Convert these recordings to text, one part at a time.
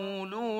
تقولون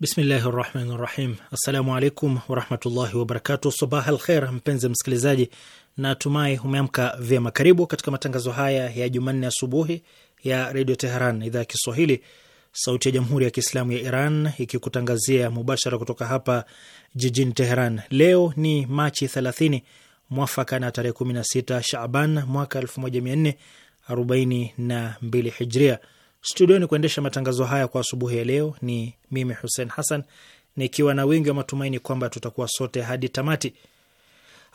Bismillahi rahmani rahim. Assalamu alaikum warahmatullahi wabarakatu. Sabah al kher, mpenzi msikilizaji, natumai umeamka vyema. Karibu katika matangazo haya ya Jumanne asubuhi ya Redio Teheran, idhaa ya Kiswahili, sauti ya Jamhuri ya Kiislamu ya Iran, ikikutangazia mubashara kutoka hapa jijini Teheran. Leo ni Machi 30 mwafaka na tarehe 16 Shaban mwaka 1442 Hijria. Studioni kuendesha matangazo haya kwa asubuhi ya leo ni mimi Hussein Hassan, nikiwa na wingi wa matumaini kwamba tutakuwa sote hadi tamati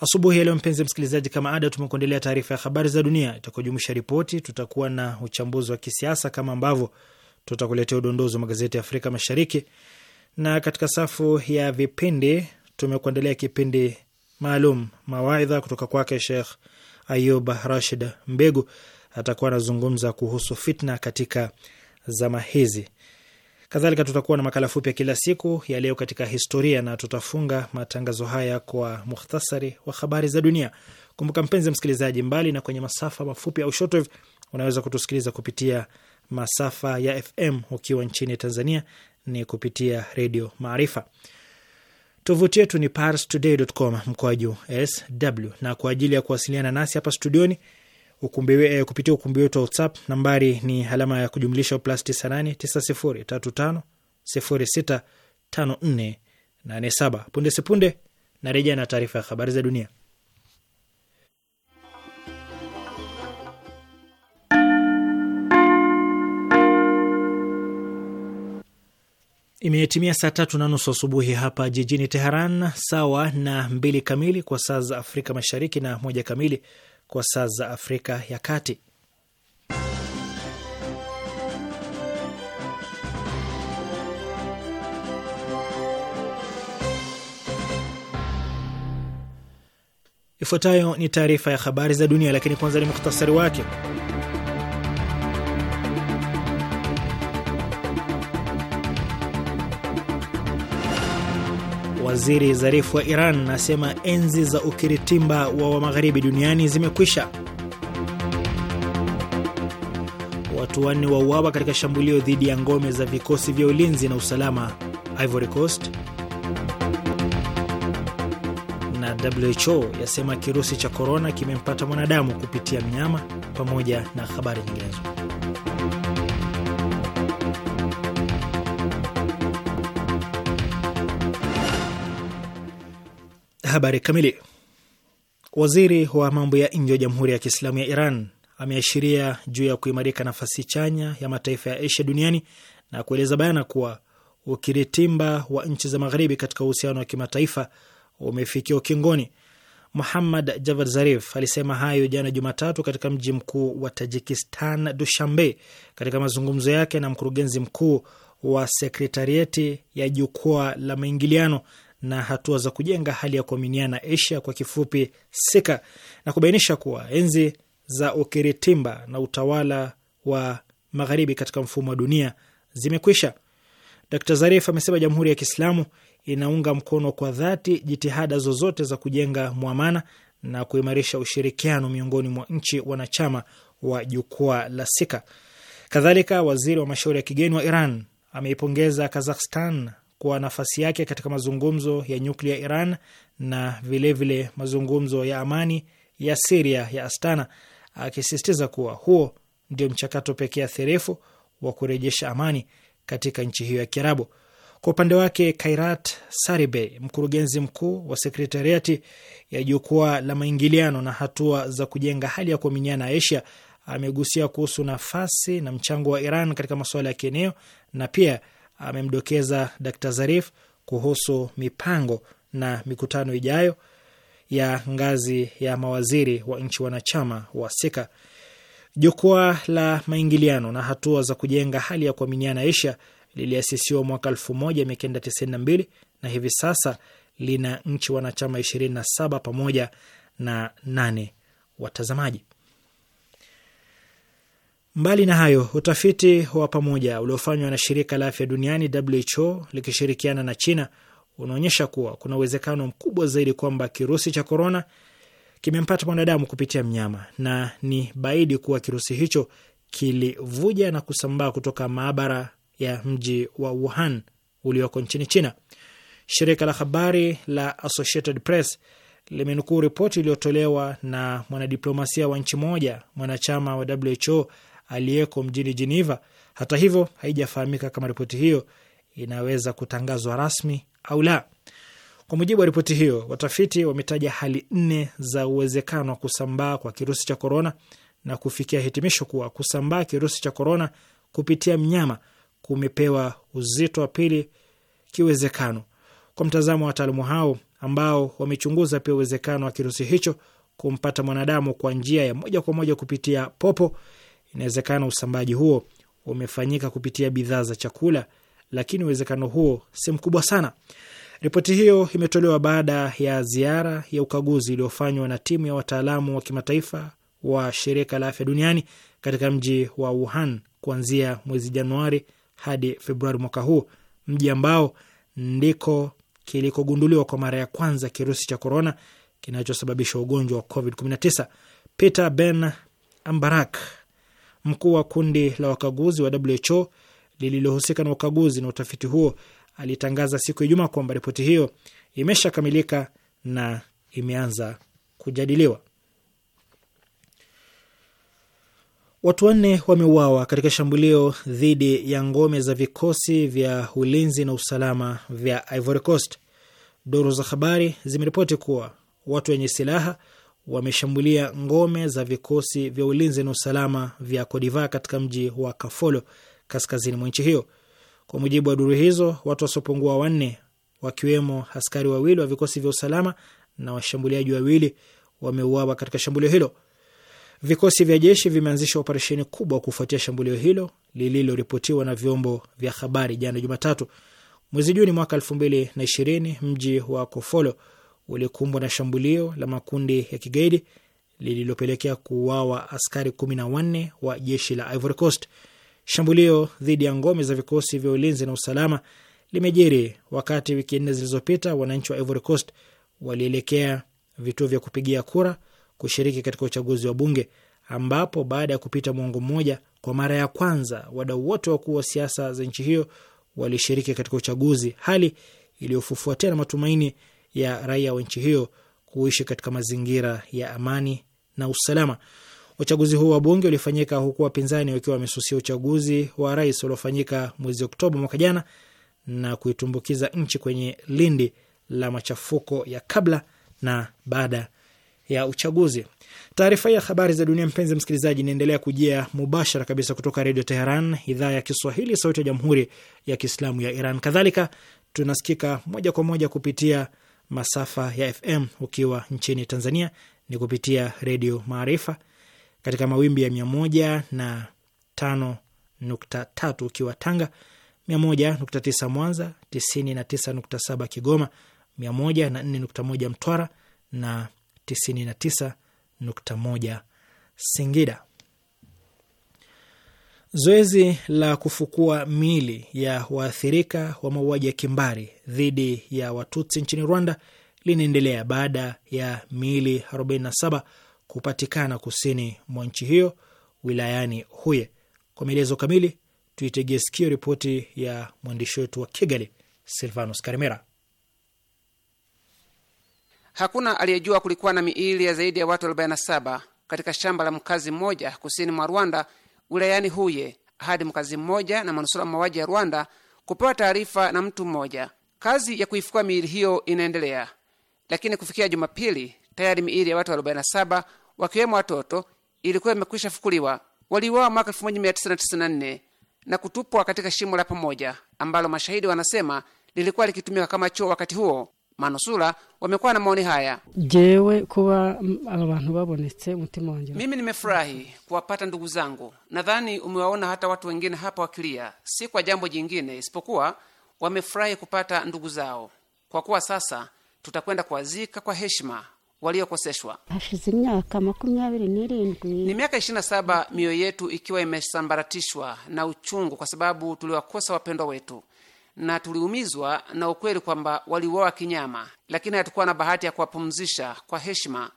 asubuhi ya leo. Mpenzi msikilizaji, kama ada, tumekuendelea taarifa ya habari za dunia itakujumuisha ripoti, tutakuwa na uchambuzi wa kisiasa kama ambavyo tutakuletea udondozi wa magazeti ya Afrika Mashariki, na katika safu ya vipindi tumekuendelea kipindi maalum mawaidha kutoka kwake Shekh Ayub Rashid Mbegu atakuwa anazungumza kuhusu fitna katika zama hizi. Kadhalika tutakuwa na makala fupi ya kila siku ya leo katika historia, na tutafunga matangazo haya kwa muhtasari wa habari za dunia. Kumbuka mpenzi msikilizaji, mbali na kwenye masafa mafupi au shortwave, unaweza kutusikiliza kupitia masafa ya FM ukiwa nchini Tanzania ni kupitia Redio Maarifa. Tovuti yetu ni parstoday.com mkoaju sw, na kwa ajili ya kuwasiliana nasi hapa studioni ukumbi, eh, kupitia ukumbi wetu wa WhatsApp. Nambari ni alama ya kujumlisha plus 989035065487. Punde sipunde na na taarifa ya habari za dunia. Imetimia saa tatu na nusu asubuhi hapa jijini Teheran, sawa na mbili kamili kwa saa za Afrika Mashariki na moja kamili kwa saa za Afrika ya Kati. Ifuatayo ni taarifa ya habari za dunia, lakini kwanza ni muhtasari wake. Waziri Zarifu wa Iran anasema enzi za ukiritimba wa, wa magharibi duniani zimekwisha. Watu wanne wauawa katika shambulio dhidi ya ngome za vikosi vya ulinzi na usalama Ivory Coast, na WHO yasema kirusi cha korona kimempata mwanadamu kupitia mnyama, pamoja na habari nyinginezo. Habari kamili. Waziri wa mambo ya nje wa Jamhuri ya Kiislamu ya Iran ameashiria juu ya kuimarika nafasi chanya ya mataifa ya Asia duniani na kueleza bayana kuwa ukiritimba wa nchi za magharibi katika uhusiano wa kimataifa umefikia ukingoni. Muhammad Javad Zarif alisema hayo jana Jumatatu katika mji mkuu wa Tajikistan, Dushambe, katika mazungumzo yake na mkurugenzi mkuu wa sekretarieti ya jukwaa la maingiliano na hatua za kujenga hali ya kuaminiana Asia, kwa kifupi SEKA, na kubainisha kuwa enzi za ukiritimba na utawala wa magharibi katika mfumo wa dunia zimekwisha. d Zarif amesema Jamhuri ya Kiislamu inaunga mkono kwa dhati jitihada zozote za kujenga mwamana na kuimarisha ushirikiano miongoni mwa nchi wanachama wa jukwaa la SIKA. Kadhalika, waziri wa mashauri ya kigeni wa Iran ameipongeza Kazakhstan kwa nafasi yake katika mazungumzo ya nyuklia Iran na vilevile vile mazungumzo ya amani ya Siria ya Astana, akisisitiza kuwa huo ndio mchakato pekee therefu wa kurejesha amani katika nchi hiyo ya Kiarabu. Kwa upande wake, Kairat Saribey, mkurugenzi mkuu wa sekretariati ya jukwaa la maingiliano na hatua za kujenga hali ya kuaminiana Asia, amegusia kuhusu nafasi na mchango wa Iran katika masuala ya kieneo na pia amemdokeza d Zarif kuhusu mipango na mikutano ijayo ya ngazi ya mawaziri wa nchi wanachama wa SIKA. Jukwaa la maingiliano na hatua za kujenga hali ya kuaminiana Asia liliasisiwa mwaka 1992 na hivi sasa lina nchi wanachama 27 pamoja na nane watazamaji. Mbali na hayo, utafiti wa pamoja uliofanywa na shirika la afya duniani WHO likishirikiana na China unaonyesha kuwa kuna uwezekano mkubwa zaidi kwamba kirusi cha korona kimempata mwanadamu kupitia mnyama, na ni baidi kuwa kirusi hicho kilivuja na kusambaa kutoka maabara ya mji wa Wuhan ulioko nchini China. Shirika la habari la Associated Press limenukuu ripoti iliyotolewa na mwanadiplomasia wa nchi moja mwanachama wa WHO aliyeko mjini Jeneva. Hata hivyo, haijafahamika kama ripoti hiyo inaweza kutangazwa rasmi au la. Kwa mujibu wa ripoti hiyo, watafiti wametaja hali nne za uwezekano wa kusambaa kwa kirusi cha korona na kufikia hitimisho kuwa kusambaa kirusi cha korona kupitia mnyama kumepewa uzito wa pili kiwezekano, kwa mtazamo wa wataalamu hao ambao wamechunguza pia uwezekano wa kirusi hicho kumpata mwanadamu kwa njia ya moja kwa moja kupitia popo, Inawezekana usambaji huo umefanyika kupitia bidhaa za chakula, lakini uwezekano huo si mkubwa sana. Ripoti hiyo imetolewa baada ya ziara ya ukaguzi iliyofanywa na timu ya wataalamu wa kimataifa wa shirika la afya duniani katika mji wa Wuhan kuanzia mwezi Januari hadi Februari mwaka huu, mji ambao ndiko kilikogunduliwa kwa mara ya kwanza kirusi cha korona kinachosababisha ugonjwa wa COVID-19. Peter Ben Ambarak Mkuu wa kundi la wakaguzi wa WHO lililohusika na ukaguzi na utafiti huo alitangaza siku ya Ijumaa kwamba ripoti hiyo imeshakamilika na imeanza kujadiliwa. Watu wanne wameuawa katika shambulio dhidi ya ngome za vikosi vya ulinzi na usalama vya Ivory Coast. Duru za habari zimeripoti kuwa watu wenye silaha wameshambulia ngome za vikosi vya ulinzi na usalama vya Kodiva katika mji wa Kafolo kaskazini mwa nchi hiyo. Kwa mujibu wa duru hizo, watu wasiopungua wanne wakiwemo askari wawili wa vikosi vya usalama na washambuliaji wawili wameuawa katika shambulio hilo. Vikosi vya jeshi vimeanzisha operesheni kubwa kufuatia shambulio hilo lililoripotiwa na vyombo vya habari jana Jumatatu. Mwezi Juni mwaka elfu mbili na ishirini, mji wa Kofolo ulikumbwa na shambulio la makundi ya kigaidi lililopelekea kuuawa askari kumi na wanne wa jeshi la Ivory Coast. Shambulio dhidi ya ngome za vikosi vya ulinzi na usalama limejiri wakati wiki nne zilizopita wananchi wa Ivory Coast walielekea vituo vya kupigia kura kushiriki katika uchaguzi wa bunge ambapo baada ya kupita mwongo mmoja, kwa mara ya kwanza wadau wote wakuu wa siasa za nchi hiyo walishiriki katika uchaguzi, hali iliyofufua tena matumaini ya raia wa nchi hiyo kuishi katika mazingira ya amani na usalama. Uchaguzi huu wa bunge ulifanyika huku wapinzani wakiwa wamesusia uchaguzi wa rais uliofanyika mwezi Oktoba mwaka jana na kuitumbukiza nchi kwenye lindi la machafuko ya kabla na baada ya uchaguzi. Taarifa ya habari za dunia, mpenzi msikilizaji, inaendelea kujia mubashara kabisa kutoka Redio Teheran, idhaa ya Kiswahili, sauti ya Jamhuri ya Kiislamu ya Iran. Kadhalika tunasikika moja kwa moja kupitia masafa ya FM ukiwa nchini Tanzania ni kupitia Redio Maarifa katika mawimbi ya mia moja na tano nukta tatu ukiwa Tanga, mia moja nukta tisa Mwanza, tisini na tisa nukta saba Kigoma, mia moja na nne nukta moja Mtwara na tisini na tisa nukta moja Singida. Zoezi la kufukua miili ya waathirika wa mauaji ya kimbari dhidi ya Watutsi nchini Rwanda linaendelea baada ya miili 47 kupatikana kusini mwa nchi hiyo wilayani Huye. Kwa maelezo kamili, tuitegee sikio ripoti ya mwandishi wetu wa Kigali, Silvanus Karimera. Hakuna aliyejua kulikuwa na miili ya zaidi ya watu 47 katika shamba la mkazi mmoja kusini mwa Rwanda wilayani Huye hadi mkazi mmoja na manusura mauaji ya Rwanda kupewa taarifa na mtu mmoja. Kazi ya kuifukua miili hiyo inaendelea, lakini kufikia Jumapili tayari miili ya watu 47 wakiwemo watoto ilikuwa imekwisha fukuliwa. Waliuawa mwaka 1994 na kutupwa katika shimo la pamoja ambalo mashahidi wanasema lilikuwa likitumika kama choo wakati huo manusura wamekuwa na maoni haya. Jewe kuwa aba bantu babonetse mutima wanjye. mimi nimefurahi kuwapata ndugu zangu. Nadhani umewaona hata watu wengine hapa wakilia, si kwa jambo jingine isipokuwa wamefurahi kupata ndugu zao, kwa kuwa sasa tutakwenda kuwazika kwa heshima waliokoseshwa. Ni miaka saba mioyo yetu ikiwa imesambaratishwa na uchungu kwa sababu tuliwakosa wapendwa wetu na tuliumizwa na ukweli kwamba waliuawa kinyama, lakini hatukuwa na bahati ya kuwapumzisha kwa heshima,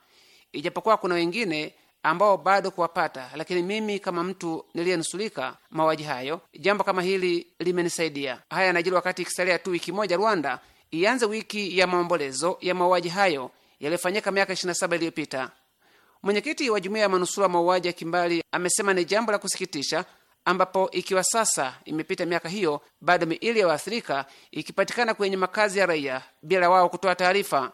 ijapokuwa kuna wengine ambao bado kuwapata. Lakini mimi kama mtu niliyenusulika mauaji hayo, jambo kama hili limenisaidia. Haya yanajiri wakati ikisalia tu wiki moja Rwanda ianze wiki ya maombolezo ya mauaji hayo yaliyofanyika miaka 27 iliyopita. Mwenyekiti wa jumuiya ya manusura mauaji ya kimbali amesema ni jambo la kusikitisha ambapo ikiwa sasa imepita miaka hiyo bado miili ya waathirika ikipatikana kwenye makazi ya raia bila wao kutoa taarifa.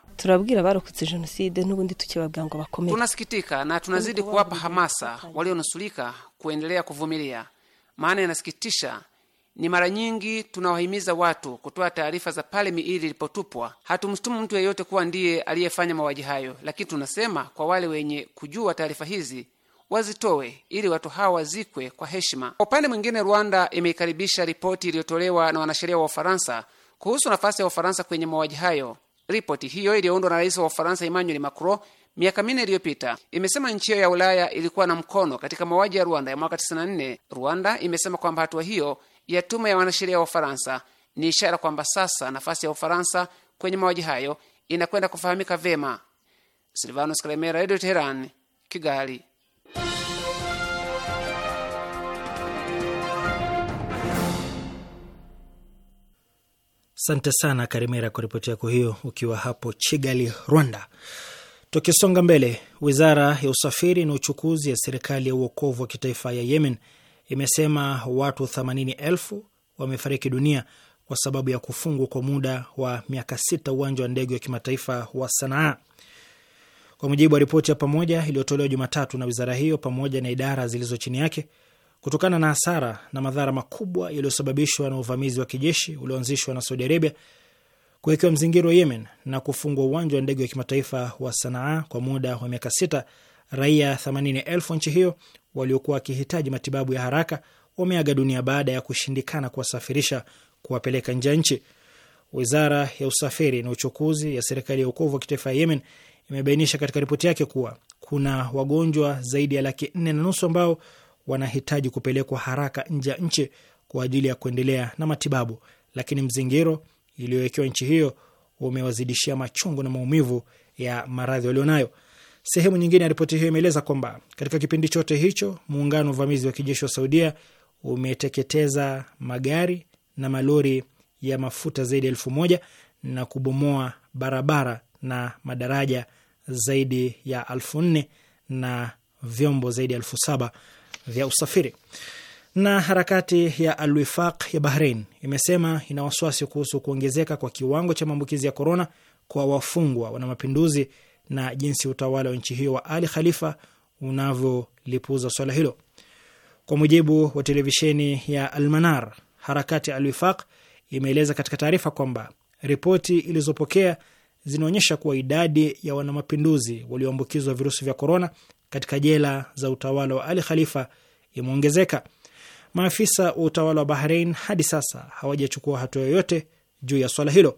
Tunasikitika na tunazidi kuwapa hamasa walionusulika kuendelea kuvumilia, maana inasikitisha ni mara nyingi tunawahimiza watu kutoa taarifa za pale miili ilipotupwa. Hatumshutumu mtu yeyote kuwa ndiye aliyefanya mauaji hayo, lakini tunasema kwa wale wenye kujua taarifa hizi wazitowe ili watu hawa wazikwe kwa heshima. Kwa upande mwingine, Rwanda imeikaribisha ripoti iliyotolewa na wanasheria wa Ufaransa kuhusu nafasi ya Ufaransa kwenye mauaji hayo. Ripoti hiyo iliyoundwa na rais wa Ufaransa Emmanuel Macron miaka minne iliyopita imesema nchi hiyo ya Ulaya ilikuwa na mkono katika mauaji ya Rwanda ya mwaka 94. Rwanda imesema kwamba hatua hiyo ya tume ya wanasheria wa Ufaransa ni ishara kwamba sasa nafasi ya Ufaransa kwenye mauaji hayo inakwenda kufahamika vema. Silvanus Kalemera, Radio Teheran, Kigali. Asante sana Karimera kwa ripoti yako hiyo, ukiwa hapo Kigali, Rwanda. Tukisonga mbele, wizara ya usafiri na uchukuzi ya serikali ya uokovu wa kitaifa ya Yemen imesema watu themanini wamefariki dunia kwa sababu ya kufungwa kwa muda wa miaka sita uwanja wa ndege wa kimataifa wa Sanaa, kwa mujibu wa ripoti ya pamoja iliyotolewa Jumatatu na wizara hiyo pamoja na idara zilizo chini yake kutokana na hasara na madhara makubwa yaliyosababishwa na uvamizi wa kijeshi ulioanzishwa na Saudi Arabia, kuwekewa mzingiro wa Yemen na kufungwa uwanja wa ndege wa kimataifa wa Sanaa kwa muda wa miaka sita, raia 80,000 nchi hiyo waliokuwa wakihitaji matibabu ya haraka wameaga dunia baada ya kushindikana kuwasafirisha kuwapeleka nje ya nchi. Wizara ya usafiri na uchukuzi ya serikali ya ukovu wa kitaifa ya Yemen imebainisha katika ripoti yake kuwa kuna wagonjwa zaidi ya laki nne na nusu ambao wanahitaji kupelekwa haraka nje ya nchi kwa ajili ya kuendelea na matibabu, lakini mzingiro iliyowekewa nchi hiyo umewazidishia machungu na maumivu ya maradhi walionayo. Sehemu nyingine ya ripoti hiyo imeeleza kwamba katika kipindi chote hicho muungano wa uvamizi wa kijeshi wa Saudia umeteketeza magari na malori ya mafuta zaidi ya elfu moja na kubomoa barabara na madaraja zaidi ya elfu nne na vyombo zaidi ya elfu saba vya usafiri. Na harakati ya Alwifaq ya Bahrain imesema ina wasiwasi kuhusu kuongezeka kwa kiwango cha maambukizi ya korona kwa wafungwa wana mapinduzi na jinsi utawala wa nchi hiyo wa Ali Khalifa unavyolipuza swala hilo. Kwa mujibu wa televisheni ya Almanar, harakati ya Alwifaq imeeleza katika taarifa kwamba ripoti ilizopokea zinaonyesha kuwa idadi ya wanamapinduzi walioambukizwa virusi vya korona katika jela za utawala wa Ali Khalifa imeongezeka. Maafisa wa utawala wa bahrein hadi sasa hawajachukua hatua yoyote juu ya swala hilo.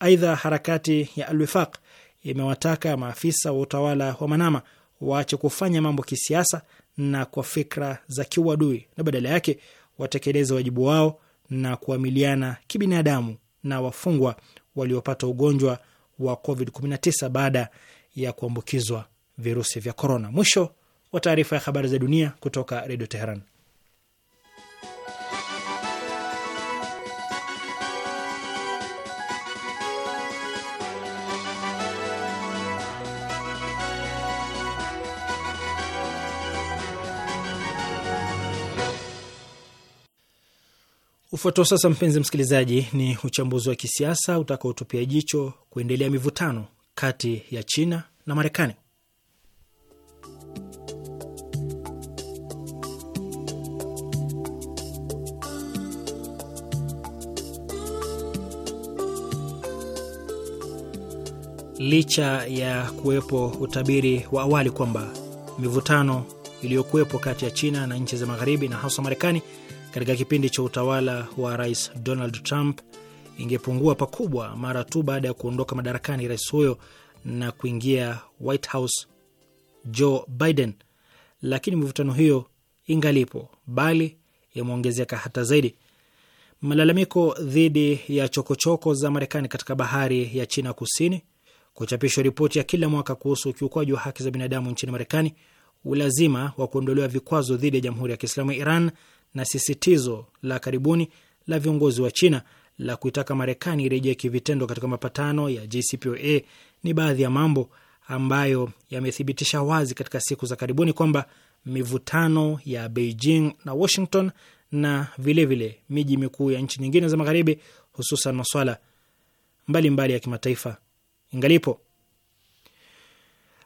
Aidha, harakati ya Alwifaq imewataka maafisa wa utawala wa Manama waache kufanya mambo kisiasa na kwa fikra za kiuadui na badala yake watekeleze wajibu wao na kuamiliana kibinadamu na wafungwa waliopata ugonjwa wa COVID-19 baada ya kuambukizwa virusi vya korona. Mwisho wa taarifa ya habari za dunia kutoka Redio Teheran. Ufuatao sasa, mpenzi msikilizaji, ni uchambuzi wa kisiasa utakaotupia jicho kuendelea mivutano kati ya China na Marekani. licha ya kuwepo utabiri wa awali kwamba mivutano iliyokuwepo kati ya China na nchi za Magharibi na hasa Marekani katika kipindi cha utawala wa Rais Donald Trump ingepungua pakubwa mara tu baada ya kuondoka madarakani rais huyo na kuingia White House Joe Biden, lakini mivutano hiyo ingalipo, bali imeongezeka hata zaidi. Malalamiko dhidi ya chokochoko choko za Marekani katika bahari ya China Kusini kuchapishwa ripoti ya kila mwaka kuhusu ukiukwaji wa haki za binadamu nchini Marekani, ulazima wa kuondolewa vikwazo dhidi ya Jamhuri ya Kiislamu ya Iran na sisitizo la karibuni la viongozi wa China la kuitaka Marekani irejee kivitendo katika mapatano ya JCPOA ni baadhi ya mambo ambayo yamethibitisha wazi katika siku za karibuni kwamba mivutano ya Beijing na Washington na vilevile miji mikuu ya nchi nyingine za Magharibi, hususan maswala mbalimbali ya kimataifa ingalipo.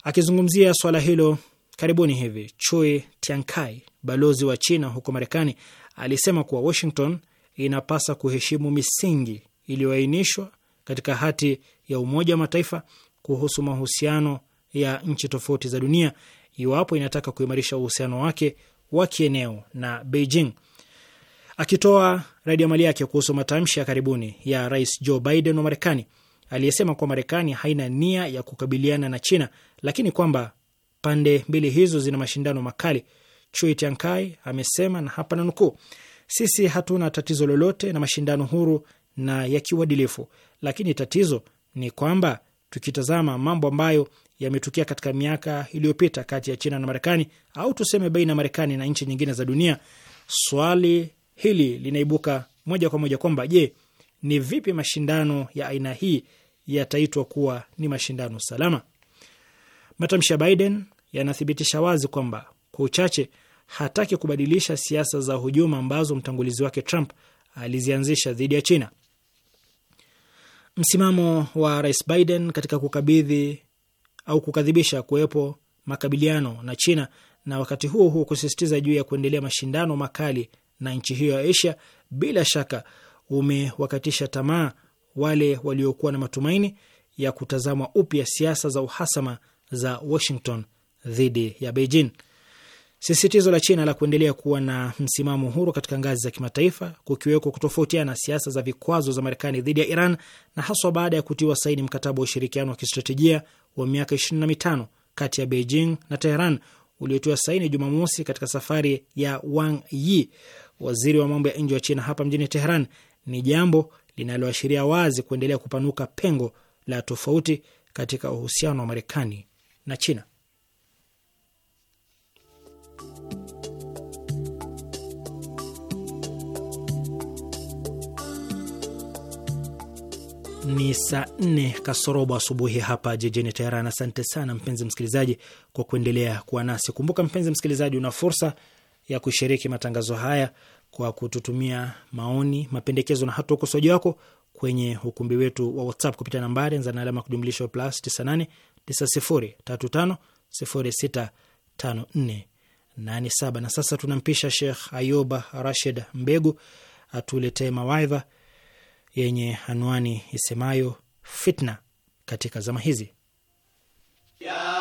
Akizungumzia swala hilo karibuni hivi, Chui Tiankai, balozi wa China huko Marekani, alisema kuwa Washington inapasa kuheshimu misingi iliyoainishwa katika hati ya Umoja wa Mataifa kuhusu mahusiano ya nchi tofauti za dunia iwapo inataka kuimarisha uhusiano wake wa kieneo na Beijing. Akitoa radi ya mali yake kuhusu matamshi ya karibuni ya Rais Joe Biden wa Marekani, aliyesema kuwa Marekani haina nia ya kukabiliana na China, lakini kwamba pande mbili hizo zina mashindano makali. Chui Tiankai amesema na hapa na nukuu, sisi hatuna tatizo lolote na mashindano huru na ya kiuadilifu, lakini tatizo ni kwamba tukitazama mambo ambayo yametukia katika miaka iliyopita kati ya China na Marekani au tuseme baina ya Marekani na nchi nyingine za dunia, swali hili linaibuka moja kwa moja kwamba je, ni vipi mashindano ya aina hii yataitwa kuwa ni mashindano salama. Matamshi ya Biden yanathibitisha wazi kwamba kwa uchache hataki kubadilisha siasa za hujuma ambazo mtangulizi wake Trump alizianzisha dhidi ya China. Msimamo wa Rais Biden katika kukabidhi au kukadhibisha kuwepo makabiliano na China na wakati huo huo kusisitiza juu ya kuendelea mashindano makali na nchi hiyo ya Asia bila shaka umewakatisha tamaa wale waliokuwa na matumaini ya kutazama upya siasa za uhasama za Washington dhidi ya Beijing. Sisitizo la China la kuendelea kuwa na msimamo huru katika ngazi za kimataifa, kukiweko kutofautiana siasa za vikwazo za Marekani dhidi ya Iran, na haswa baada ya kutiwa saini mkataba wa ushirikiano wa kistratejia wa miaka 25 kati ya Beijing na Teheran uliotiwa saini Jumamosi katika safari ya Wang Yi, waziri wa mambo ya nje wa China hapa mjini Teheran, ni jambo linaloashiria wazi kuendelea kupanuka pengo la tofauti katika uhusiano wa Marekani na China. Ni saa nne kasorobo asubuhi hapa jijini Teheran. Asante sana mpenzi msikilizaji kwa kuendelea kuwa nasi. Kumbuka mpenzi msikilizaji, una fursa ya kushiriki matangazo haya kwa kututumia maoni, mapendekezo na hata ukosoaji wako kwenye ukumbi wetu wa WhatsApp kupitia nambari anza na alama kujumlisha plus 98 Na sasa tunampisha Shekh Ayuba Rashid Mbegu atuletee mawaidha yenye anwani isemayo fitna katika zama hizi ya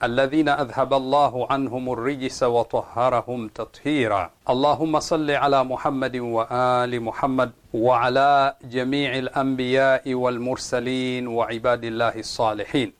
alladhina adhhaba Allahu anhum ar-rijsa wa tahharahum tathira Allahumma salli ala Muhammadin wa ali Muhammad wa ala jami'il anbiya'i wal mursalin wa ibadillahi salihin.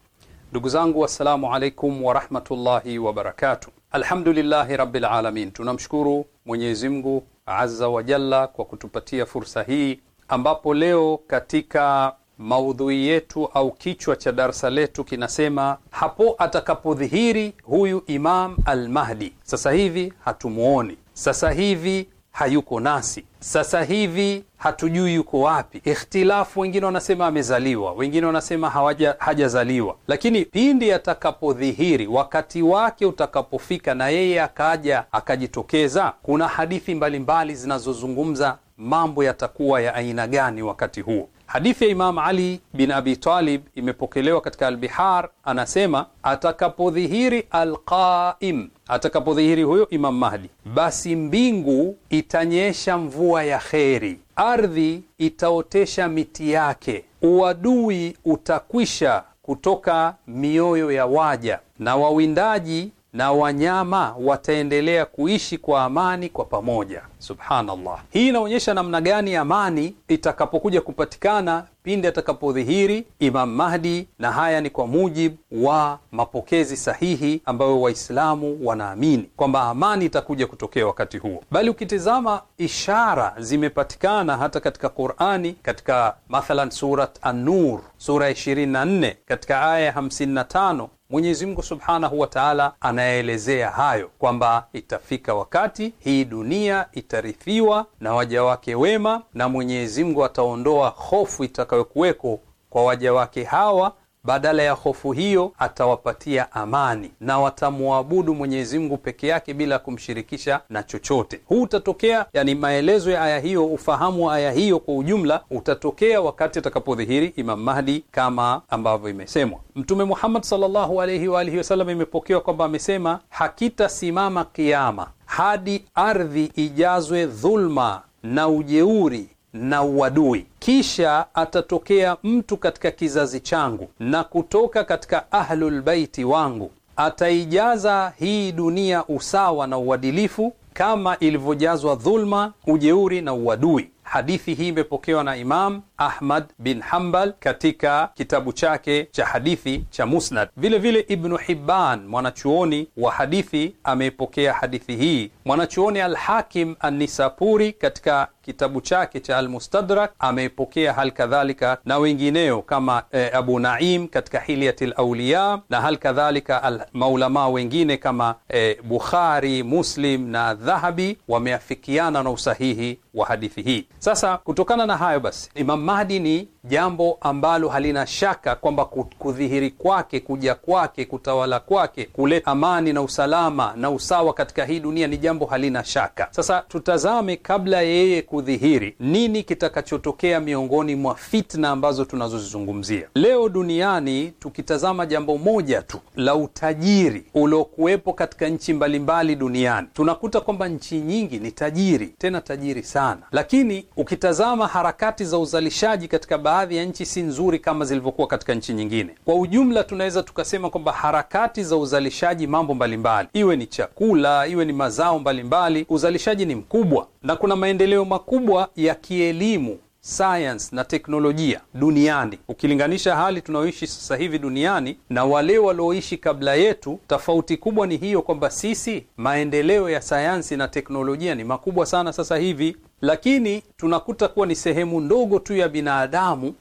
Ndugu zangu, assalamu alaykum wa rahmatullahi wa barakatuh. Alhamdulillahi rabbil alamin, tunamshukuru Mwenyezi Mungu azza wa jalla kwa kutupatia fursa hii ambapo leo katika Maudhui yetu au kichwa cha darsa letu kinasema hapo atakapodhihiri huyu Imam al-Mahdi. Sasa hivi hatumuoni, sasa hivi hayuko nasi, sasa hivi hatujui yuko wapi. Ikhtilafu, wengine wanasema amezaliwa, wengine wanasema hawaja, hajazaliwa. Lakini pindi atakapodhihiri, wakati wake utakapofika, na yeye akaja akajitokeza, kuna hadithi mbalimbali zinazozungumza mambo yatakuwa ya aina gani wakati huo. Hadithi ya Imam Ali bin Abi Talib imepokelewa katika Albihar, anasema atakapodhihiri Alqaim, atakapodhihiri huyo Imam Mahdi, basi mbingu itanyesha mvua ya kheri, ardhi itaotesha miti yake, uadui utakwisha kutoka mioyo ya waja, na wawindaji na wanyama wataendelea kuishi kwa amani kwa pamoja. Subhanallah, hii inaonyesha namna gani amani itakapokuja kupatikana pindi atakapodhihiri Imam Mahdi, na haya ni kwa mujibu wa mapokezi sahihi ambayo Waislamu wanaamini kwamba amani itakuja kutokea wakati huo. Bali ukitizama ishara zimepatikana hata katika Qurani, katika mathalan Surat An-Nur sura 24 katika aya 55 Mwenyezi Mungu Subhanahu wa Ta'ala anaelezea hayo kwamba itafika wakati hii dunia itarithiwa na waja wake wema, na Mwenyezi Mungu ataondoa hofu itakayokuweko kwa waja wake hawa badala ya hofu hiyo, atawapatia amani na watamwabudu Mwenyezi Mungu peke yake bila kumshirikisha na chochote. Huu utatokea yani, maelezo ya aya hiyo, ufahamu wa aya hiyo kwa ujumla utatokea wakati atakapodhihiri Imam Mahdi, kama ambavyo imesemwa Mtume Muhammad sallallahu wa alihi wasallam. Imepokewa kwamba amesema, hakitasimama kiama hadi ardhi ijazwe dhulma na ujeuri na uadui. Kisha atatokea mtu katika kizazi changu na kutoka katika ahlulbaiti wangu, ataijaza hii dunia usawa na uadilifu, kama ilivyojazwa dhulma, ujeuri na uadui. Hadithi hii imepokewa na Imam Ahmad bin hambal katika kitabu chake cha hadithi cha Musnad. vilevile Ibnu Hibban, mwanachuoni wa hadithi, amepokea hadithi hii. Mwanachuoni Alhakim anisapuri katika kitabu chake cha Almustadrak amepokea hal kadhalika, na wengineo kama e, Abu Naim katika Hilyat Lawliya, na hal kadhalika maulamaa wengine kama e, Bukhari, Muslim na Dhahabi wameafikiana na usahihi wa hadithi hii. Sasa kutokana na hayo basi, Imam Mahdi ni jambo ambalo halina shaka kwamba kudhihiri kwake, kuja kwake, kutawala kwake, kuleta amani na usalama na usawa katika hii dunia ni jambo halina shaka. Sasa tutazame kabla yeye kudhihiri, nini kitakachotokea miongoni mwa fitna ambazo tunazozizungumzia leo duniani. Tukitazama jambo moja tu la utajiri uliokuwepo katika nchi mbalimbali duniani, tunakuta kwamba nchi nyingi ni tajiri, tena tajiri sana, lakini ukitazama harakati za uzalishaji katika baadhi ya nchi si nzuri kama zilivyokuwa katika nchi nyingine. Kwa ujumla, tunaweza tukasema kwamba harakati za uzalishaji mambo mbalimbali, iwe ni chakula, iwe ni mazao mbalimbali, uzalishaji ni mkubwa na kuna maendeleo makubwa ya kielimu science na teknolojia duniani ukilinganisha hali tunayoishi sasa hivi duniani na wale walioishi kabla yetu, tofauti kubwa ni hiyo kwamba sisi maendeleo ya sayansi na teknolojia ni makubwa sana sasa hivi, lakini tunakuta kuwa ni sehemu ndogo tu ya binadamu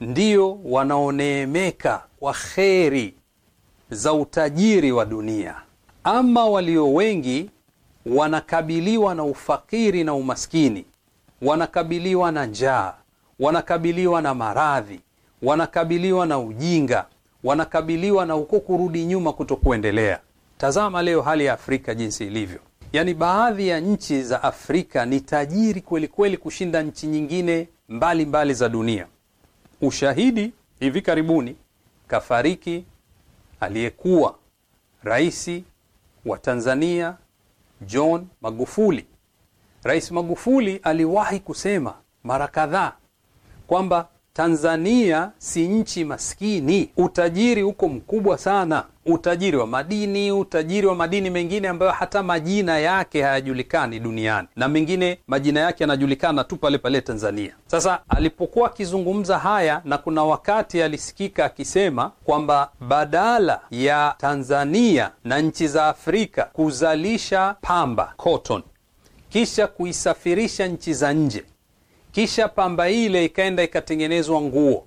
ndiyo wanaoneemeka kwa kheri za utajiri wa dunia. Ama walio wengi wanakabiliwa na ufakiri na umaskini wanakabiliwa na njaa, wanakabiliwa na maradhi, wanakabiliwa na ujinga, wanakabiliwa na huko kurudi nyuma, kutokuendelea. Tazama leo hali ya Afrika jinsi ilivyo. Yaani, baadhi ya nchi za Afrika ni tajiri kweli kweli kushinda nchi nyingine mbalimbali mbali za dunia. Ushahidi, hivi karibuni kafariki aliyekuwa rais wa Tanzania John Magufuli. Rais Magufuli aliwahi kusema mara kadhaa kwamba Tanzania si nchi maskini, utajiri uko mkubwa sana, utajiri wa madini, utajiri wa madini mengine ambayo hata majina yake hayajulikani duniani, na mengine majina yake yanajulikana tu pale pale Tanzania. Sasa alipokuwa akizungumza haya, na kuna wakati alisikika akisema kwamba badala ya Tanzania na nchi za Afrika kuzalisha pamba, cotton kisha kuisafirisha nchi za nje, kisha pamba ile ikaenda ikatengenezwa nguo,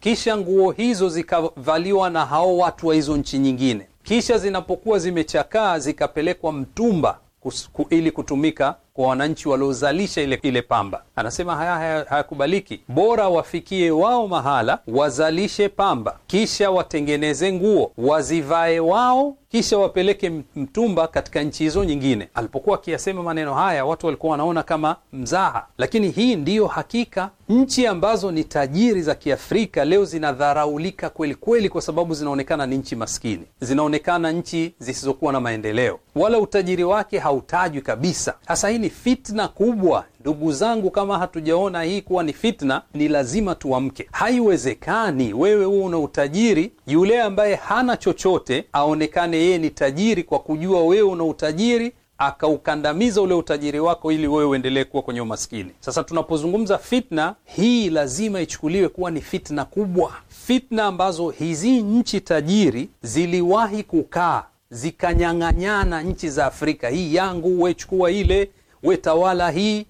kisha nguo hizo zikavaliwa na hao watu wa hizo nchi nyingine, kisha zinapokuwa zimechakaa zikapelekwa mtumba kus, ku, ili kutumika kwa wananchi waliozalisha ile, ile pamba. Anasema haya hayakubaliki, haya bora wafikie wao mahala wazalishe pamba, kisha watengeneze nguo wazivae wao kisha wapeleke mtumba katika nchi hizo nyingine. Alipokuwa akiyasema maneno haya, watu walikuwa wanaona kama mzaha, lakini hii ndiyo hakika. Nchi ambazo ni tajiri za Kiafrika leo zinadharaulika kweli kweli, kwa sababu zinaonekana ni nchi maskini, zinaonekana nchi zisizokuwa na maendeleo, wala utajiri wake hautajwi kabisa. Hasa hii ni fitna kubwa, ndugu zangu. Kama hatujaona hii kuwa ni fitna, ni lazima tuamke. Haiwezekani wewe huo una utajiri, yule ambaye hana chochote aonekane yeye ni tajiri kwa kujua wewe una utajiri akaukandamiza ule utajiri wako ili wewe uendelee kuwa kwenye umaskini. Sasa tunapozungumza fitna hii, lazima ichukuliwe kuwa ni fitna kubwa, fitna ambazo hizi nchi tajiri ziliwahi kukaa zikanyang'anyana nchi za Afrika, hii yangu, wechukua ile we tawala hii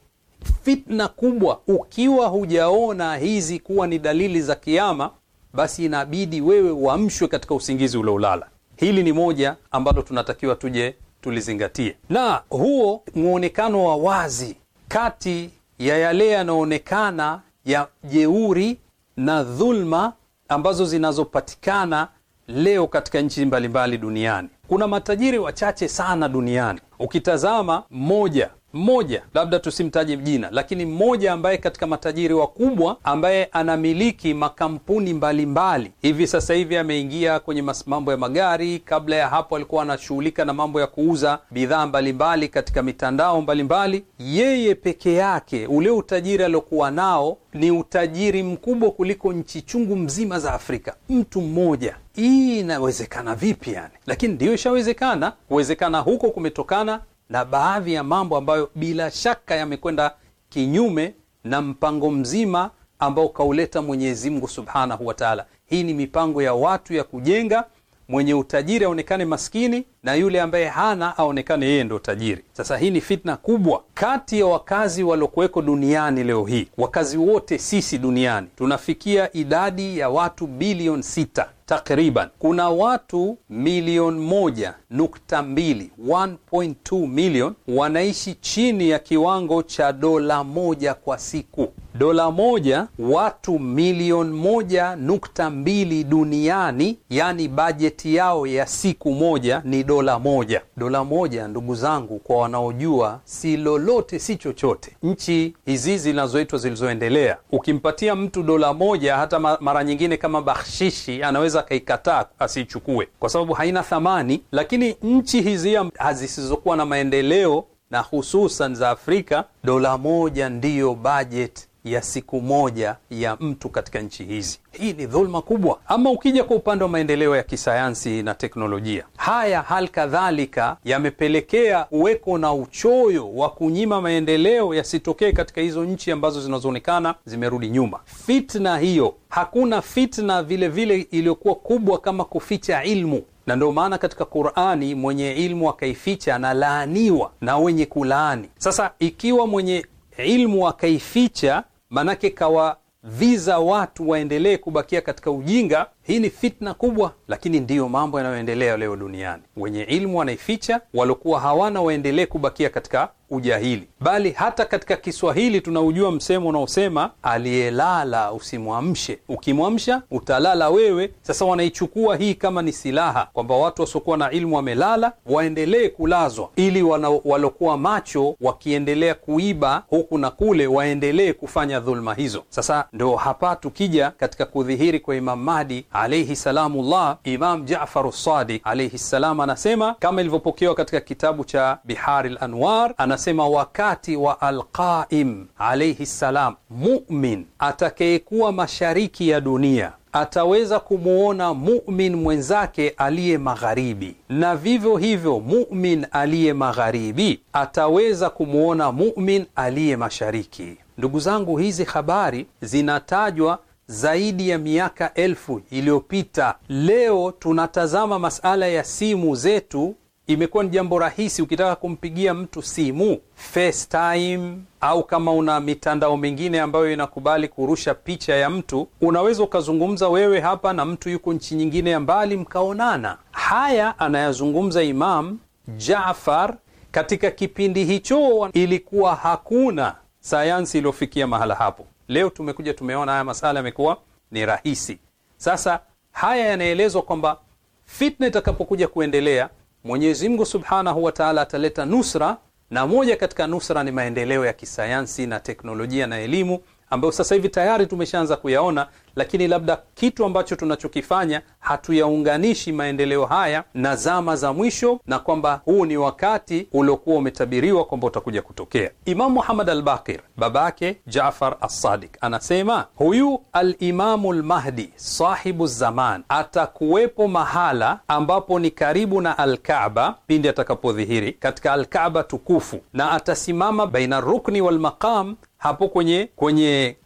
fitna kubwa. Ukiwa hujaona hizi kuwa ni dalili za kiama, basi inabidi wewe uamshwe katika usingizi uliolala. Hili ni moja ambalo tunatakiwa tuje tulizingatie, na huo mwonekano wa wazi kati ya yale yanaonekana ya jeuri na dhulma ambazo zinazopatikana leo katika nchi mbalimbali duniani. Kuna matajiri wachache sana duniani. Ukitazama mmoja mmoja, labda tusimtaje jina, lakini mmoja ambaye katika matajiri wakubwa ambaye anamiliki makampuni mbalimbali mbali. Hivi sasa hivi ameingia kwenye mambo ya magari. Kabla ya hapo alikuwa anashughulika na mambo ya kuuza bidhaa mbalimbali katika mitandao mbalimbali mbali. Yeye peke yake ule utajiri aliokuwa nao ni utajiri mkubwa kuliko nchi chungu mzima za Afrika, mtu mmoja. Hii inawezekana vipi yani? Lakini ndiyo ishawezekana. Kuwezekana huko kumetokana na baadhi ya mambo ambayo bila shaka yamekwenda kinyume na mpango mzima ambao kauleta Mwenyezi Mungu Subhanahu wa Ta'ala. Hii ni mipango ya watu ya kujenga mwenye utajiri aonekane maskini na yule ambaye hana aonekane yeye ndo tajiri. Sasa hii ni fitna kubwa kati ya wakazi waliokuweko duniani leo hii. Wakazi wote sisi duniani tunafikia idadi ya watu bilioni sita takriban kuna watu milioni moja nukta mbili 1.2 million wanaishi chini ya kiwango cha dola moja kwa siku. Dola moja, watu milioni moja nukta mbili duniani, yani bajeti yao ya siku moja ni dola moja. Dola moja, ndugu zangu, kwa wanaojua si lolote, si chochote. Nchi hizi zinazoitwa zilizoendelea, ukimpatia mtu dola moja, hata mara nyingine kama bakshishi, anaweza anaweza akaikataa asiichukue kwa sababu haina thamani. Lakini nchi hizi zisizokuwa na maendeleo na hususan za Afrika, dola moja ndiyo bajeti ya siku moja ya mtu katika nchi hizi. Hii ni dhulma kubwa. Ama ukija kwa upande wa maendeleo ya kisayansi na teknolojia, haya hali kadhalika yamepelekea uweko na uchoyo wa kunyima maendeleo yasitokee katika hizo nchi ambazo zinazoonekana zimerudi nyuma. Fitna hiyo, hakuna fitna vile vile iliyokuwa kubwa kama kuficha ilmu na ndio maana katika Qur'ani mwenye ilmu akaificha analaaniwa na wenye kulaani. Sasa ikiwa mwenye ilmu akaificha kawa kawaviza watu waendelee kubakia katika ujinga hii ni fitna kubwa, lakini ndiyo mambo yanayoendelea leo duniani. Wenye ilmu wanaificha, waliokuwa hawana waendelee kubakia katika ujahili. Bali hata katika Kiswahili tunaujua msemo unaosema aliyelala usimwamshe, ukimwamsha utalala wewe. Sasa wanaichukua hii kama ni silaha, kwamba watu wasiokuwa na ilmu wamelala waendelee kulazwa, ili waliokuwa macho wakiendelea kuiba huku na kule waendelee kufanya dhulma hizo. Sasa ndo hapa tukija katika kudhihiri kwa Imam Mahdi alayhi salamullah, Imam Jafaru Sadiq alaihi salam anasema kama ilivyopokewa katika kitabu cha Bihari Lanwar, anasema wakati wa Alqaim alaihi salam, mumin atakayekuwa mashariki ya dunia ataweza kumwona mumin mwenzake aliye magharibi, na vivyo hivyo mumin aliye magharibi ataweza kumwona mumin aliye mashariki. Ndugu zangu, hizi habari zinatajwa zaidi ya miaka elfu iliyopita. Leo tunatazama masala ya simu zetu, imekuwa ni jambo rahisi. Ukitaka kumpigia mtu simu FaceTime, au kama una mitandao mingine ambayo inakubali kurusha picha ya mtu, unaweza ukazungumza wewe hapa na mtu yuko nchi nyingine ya mbali, mkaonana. Haya anayazungumza Imam jafar Katika kipindi hicho ilikuwa hakuna sayansi iliyofikia mahala hapo. Leo tumekuja tumeona haya masala yamekuwa ni rahisi. Sasa haya yanaelezwa kwamba fitna itakapokuja kuendelea, Mwenyezi Mungu Subhanahu wa Ta'ala ataleta nusra, na moja katika nusra ni maendeleo ya kisayansi na teknolojia na elimu ambayo sasa hivi tayari tumeshaanza kuyaona, lakini labda kitu ambacho tunachokifanya hatuyaunganishi maendeleo haya na zama za mwisho, na kwamba huu ni wakati uliokuwa umetabiriwa kwamba utakuja kutokea. Imamu Muhammad al Bakir, babake Jaafar as anasema huyu al-Imamu sahibu zaman atakuwepo mahala ambapo ni karibu na al pindi atakapodhihiri katika al tukufu, na atasimama baina rukni walmaqam hapo kwenye kwenye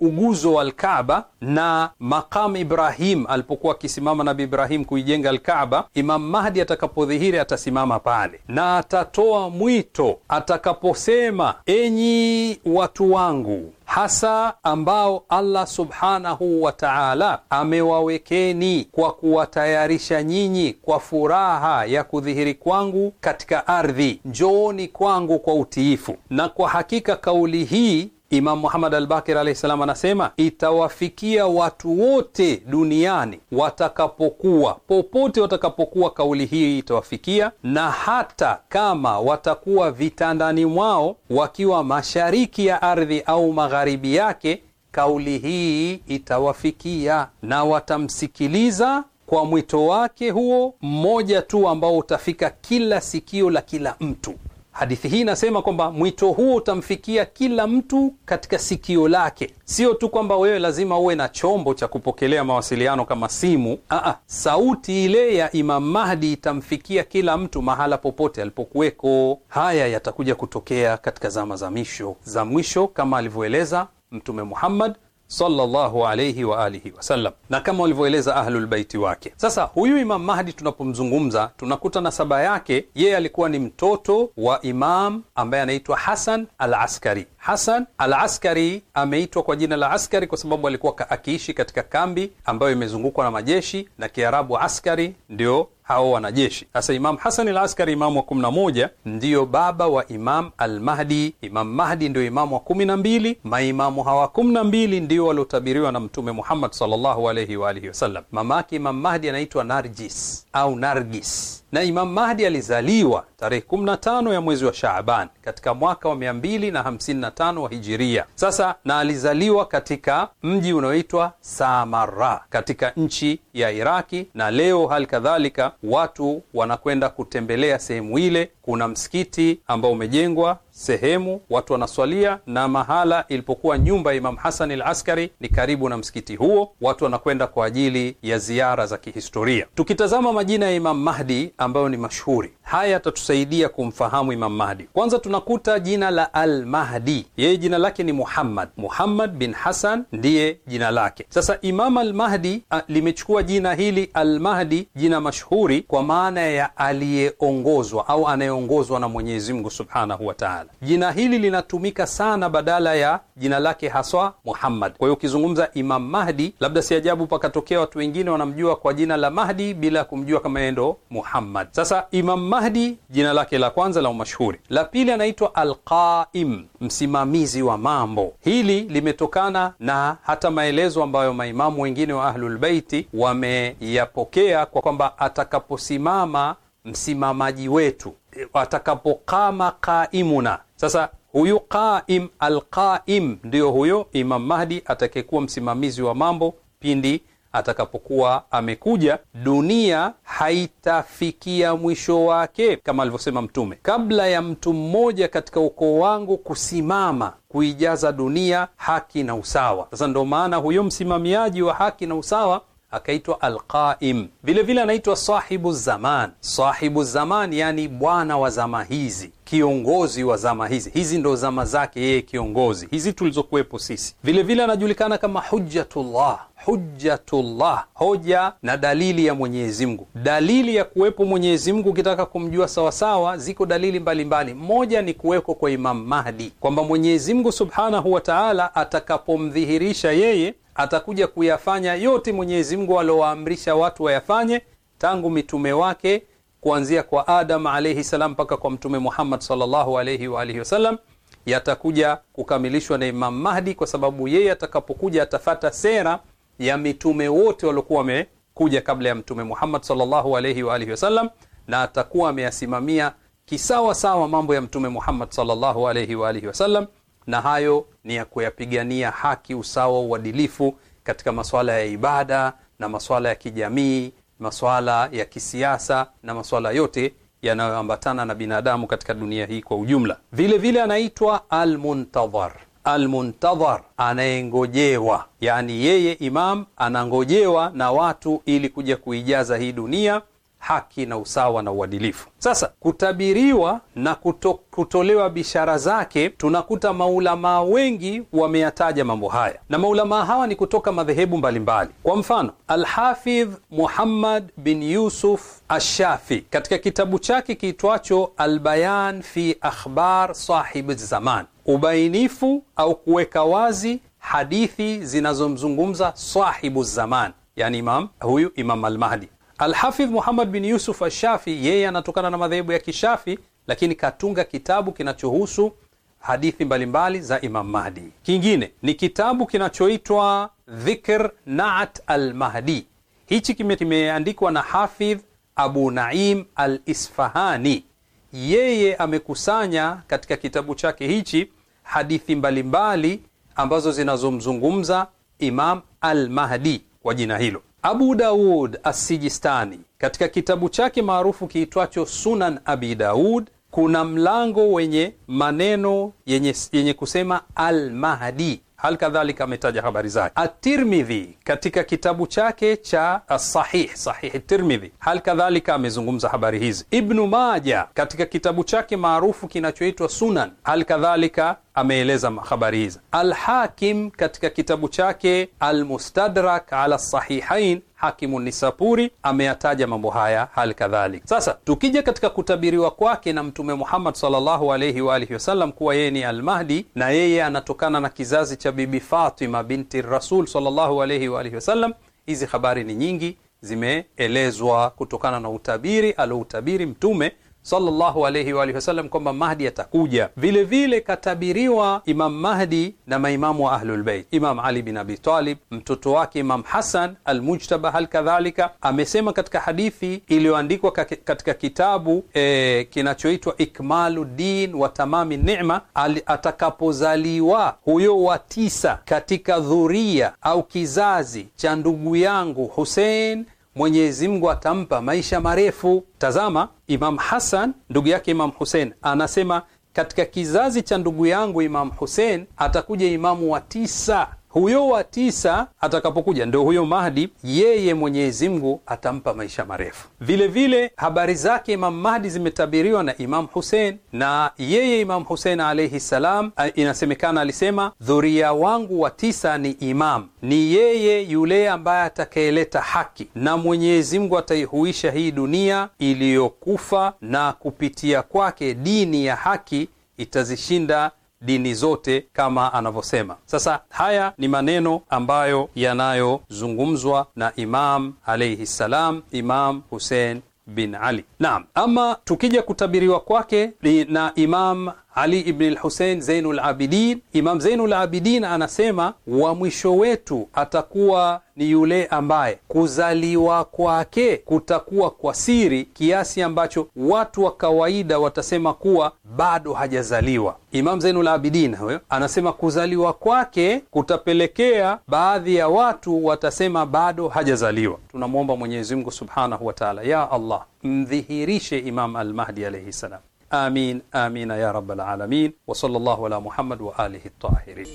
uguzo wa Alkaaba na maqam Ibrahim alipokuwa akisimama Nabi Ibrahim kuijenga Alkaaba, Imam Mahdi atakapodhihiri atasimama pale na atatoa mwito atakaposema, enyi watu wangu hasa ambao Allah subhanahu wa ta'ala amewawekeni kwa kuwatayarisha nyinyi kwa furaha ya kudhihiri kwangu katika ardhi, njooni kwangu kwa utiifu. Na kwa hakika kauli hii Imam Muhammad al-Bakir alayhi salam anasema itawafikia watu wote duniani watakapokuwa popote, watakapokuwa kauli hii itawafikia, na hata kama watakuwa vitandani mwao wakiwa mashariki ya ardhi au magharibi yake, kauli hii itawafikia na watamsikiliza kwa mwito wake huo mmoja tu ambao utafika kila sikio la kila mtu. Hadithi hii inasema kwamba mwito huo utamfikia kila mtu katika sikio lake. Sio tu kwamba wewe lazima uwe na chombo cha kupokelea mawasiliano kama simu. Aa, sauti ile ya Imam Mahdi itamfikia kila mtu mahala popote alipokuweko. Haya yatakuja kutokea katika zama za mwisho za mwisho, kama alivyoeleza Mtume Muhammad sallallahu alayhi wa alihi wasallam, na kama walivyoeleza ahlulbaiti wake. Sasa huyu Imam Mahdi tunapomzungumza, tunakuta nasaba yake, yeye alikuwa ni mtoto wa imam ambaye anaitwa Hasan al Askari. Hasan al Askari ameitwa kwa jina la Askari kwa sababu alikuwa akiishi katika kambi ambayo imezungukwa na majeshi, na Kiarabu askari ndio hao wanajeshi. Sasa Imam Hasan al Askari, imamu wa 11, ndiyo baba wa Imam al Mahdi. Imam Mahdi ndio imamu wa 12. Maimamu hawa 12 ndio waliotabiriwa na Mtume Muhammad sallallahu alayhi wa alihi wasallam. Mamake Imam Mahdi anaitwa Narjis au Nargis na Imam Mahdi alizaliwa tarehe 15 ya mwezi wa Shaaban katika mwaka wa 255 wa Hijiria. Sasa na alizaliwa katika mji unaoitwa Samara katika nchi ya Iraki, na leo hali kadhalika watu wanakwenda kutembelea sehemu ile. Kuna msikiti ambao umejengwa sehemu watu wanaswalia, na mahala ilipokuwa nyumba ya Imam Hasan al Askari ni karibu na msikiti huo, watu wanakwenda kwa ajili ya ziara za kihistoria. Tukitazama majina ya Imam Mahdi ambayo ni mashuhuri haya yatatusaidia kumfahamu Imam Mahdi. Kwanza tunakuta jina la Al Mahdi, yeye jina lake ni Muhammad. Muhammad bin Hasan ndiye jina lake. Sasa Imam Al Mahdi a, limechukua jina hili Al Mahdi, jina mashuhuri kwa maana ya aliyeongozwa au anayeongozwa na Mwenyezi Mungu subhanahu wa taala. Jina hili linatumika sana badala ya jina lake haswa Muhammad. Kwa hiyo ukizungumza Imam Mahdi, labda si ajabu pakatokea watu wengine wanamjua kwa jina la Mahdi bila kumjua kama yeye ndo Muhammad. Sasa Imam Mahdi jina lake la kwanza la umashuhuri, la pili anaitwa Alqaim, msimamizi wa mambo. Hili limetokana na hata maelezo ambayo maimamu wengine wa Ahlulbeiti wameyapokea kwa kwamba atakaposimama msimamaji wetu, atakapokama qaimuna. Sasa huyu qaim, Alqaim, ndiyo huyo Imam Mahdi atakayekuwa msimamizi wa mambo pindi atakapokuwa amekuja dunia haitafikia mwisho wake, kama alivyosema Mtume, kabla ya mtu mmoja katika ukoo wangu kusimama kuijaza dunia haki na usawa. Sasa ndo maana huyo msimamiaji wa haki na usawa akaitwa Alqaim, vilevile anaitwa sahibu zaman. Sahibu zaman, yani bwana wa zama hizi kiongozi wa zama hizi. Hizi ndo zama zake yeye kiongozi, hizi tulizokuwepo sisi. Vilevile anajulikana kama Hujjatullah, Hujjatullah, hoja na dalili ya Mwenyezi Mungu. Dalili ya kuwepo Mwenyezi Mungu, ukitaka kumjua sawasawa, ziko dalili mbalimbali. Moja ni kuweko kwa Imam Mahdi, kwamba Mwenyezi Mungu subhanahu wa taala atakapomdhihirisha yeye atakuja kuyafanya yote Mwenyezi Mungu aliowaamrisha watu wayafanye tangu mitume wake kuanzia kwa Adam alaihi salam mpaka kwa Mtume Muhammad sallallahu alaihi wa alihi wasallam yatakuja kukamilishwa na Imam Mahdi, kwa sababu yeye atakapokuja atafata sera ya mitume wote waliokuwa wamekuja kabla ya Mtume Muhammad sallallahu alaihi wa alihi wasallam, na atakuwa ameyasimamia kisawa sawa mambo ya Mtume Muhammad sallallahu alaihi wa alihi wasallam, na hayo ni ya kuyapigania haki, usawa, uadilifu katika masuala ya ibada na masuala ya kijamii masuala ya kisiasa na masuala yote yanayoambatana na binadamu katika dunia hii kwa ujumla. Vile vile anaitwa Almuntadhar. Almuntadhar, anayengojewa, yani yeye imam anangojewa na watu ili kuja kuijaza hii dunia haki na usawa na uadilifu. Sasa kutabiriwa na kuto, kutolewa bishara zake, tunakuta maulamaa wengi wameyataja mambo haya, na maulamaa hawa ni kutoka madhehebu mbalimbali. Kwa mfano, Alhafidh Muhammad bin Yusuf Ashafi katika kitabu chake kiitwacho Albayan fi akhbar sahib zaman, ubainifu au kuweka wazi hadithi zinazomzungumza sahibu zaman, yani imam huyu Imam Almahdi Alhafidh Muhammad bin Yusuf Ashafi yeye anatokana na madhehebu ya Kishafi, lakini katunga kitabu kinachohusu hadithi mbalimbali za Imam Mahdi. Kingine ni kitabu kinachoitwa Dhikr Naat al-Mahdi. Hichi kimeandikwa na Hafidh Abu Naim al-Isfahani. Yeye amekusanya katika kitabu chake hichi hadithi mbalimbali ambazo zinazomzungumza Imam al-Mahdi kwa jina hilo. Abu Daud asijistani katika kitabu chake maarufu kiitwacho Sunan Abi Daud kuna mlango wenye maneno yenye, yenye kusema Almahdi. Hal kadhalika ametaja habari zake. Atirmidhi katika kitabu chake cha Sahih, Sahih Tirmidhi, hal kadhalika amezungumza habari hizi. Ibnu Maja katika kitabu chake maarufu kinachoitwa Sunan, hal kadhalika ameeleza habari hizi. Alhakim katika kitabu chake Almustadrak ala Sahihain, Hakimu Nisapuri ameyataja mambo haya hali kadhalik. Sasa tukija katika kutabiriwa kwake na Mtume Muhammad sallallahu wa alihi wasallam kuwa yeye ni Almahdi na yeye anatokana na kizazi cha Bibi Fatima binti Rasul sallallahu wa alihi wasallam, hizi habari ni nyingi, zimeelezwa kutokana na utabiri aloutabiri Mtume sallallahu alayhi wa alihi wasallam kwamba Mahdi atakuja. Vile vile katabiriwa Imam Mahdi na maimamu wa Ahlulbeit, Imam Ali bin Abi Talib, mtoto wake Imam Hasan Almujtaba. Hal kadhalika amesema katika hadithi iliyoandikwa katika kitabu e, kinachoitwa Ikmalu Din wa Tamami Nima, atakapozaliwa huyo wa tisa katika dhuria au kizazi cha ndugu yangu Husein Mwenyezi Mungu atampa maisha marefu. Tazama, Imam hasan ndugu yake Imam husen anasema katika kizazi cha ndugu yangu Imam Hussein atakuja imamu wa tisa huyo wa tisa atakapokuja, ndo huyo Mahdi, yeye Mwenyezi Mungu atampa maisha marefu. Vilevile habari zake Imam Mahdi zimetabiriwa na Imam Husein, na yeye Imam Husein alaihi ssalam inasemekana alisema, dhuria wangu wa tisa ni imam, ni yeye yule ambaye atakayeleta haki, na Mwenyezi Mungu ataihuisha hii dunia iliyokufa, na kupitia kwake dini ya haki itazishinda dini zote kama anavyosema. Sasa haya ni maneno ambayo yanayozungumzwa na Imam alaihi ssalam, Imam husen bin Ali. Naam, ama tukija kutabiriwa kwake na Imam ali ibn al-Hussein Zainul Abidin. Imam Zainul Abidin anasema wa mwisho wetu atakuwa ni yule ambaye kuzaliwa kwake kutakuwa kwa siri kiasi ambacho watu wa kawaida watasema kuwa bado hajazaliwa. Imam Zainul Abidin huyo anasema kuzaliwa kwake kutapelekea baadhi ya watu watasema bado hajazaliwa. Tunamwomba Mwenyezi Mungu subhanahu wa taala, ya Allah mdhihirishe Imam Al-Mahdi alaihi salam. آمين آمين يا رب العالمين وصلى الله على محمد وآله الطاهرين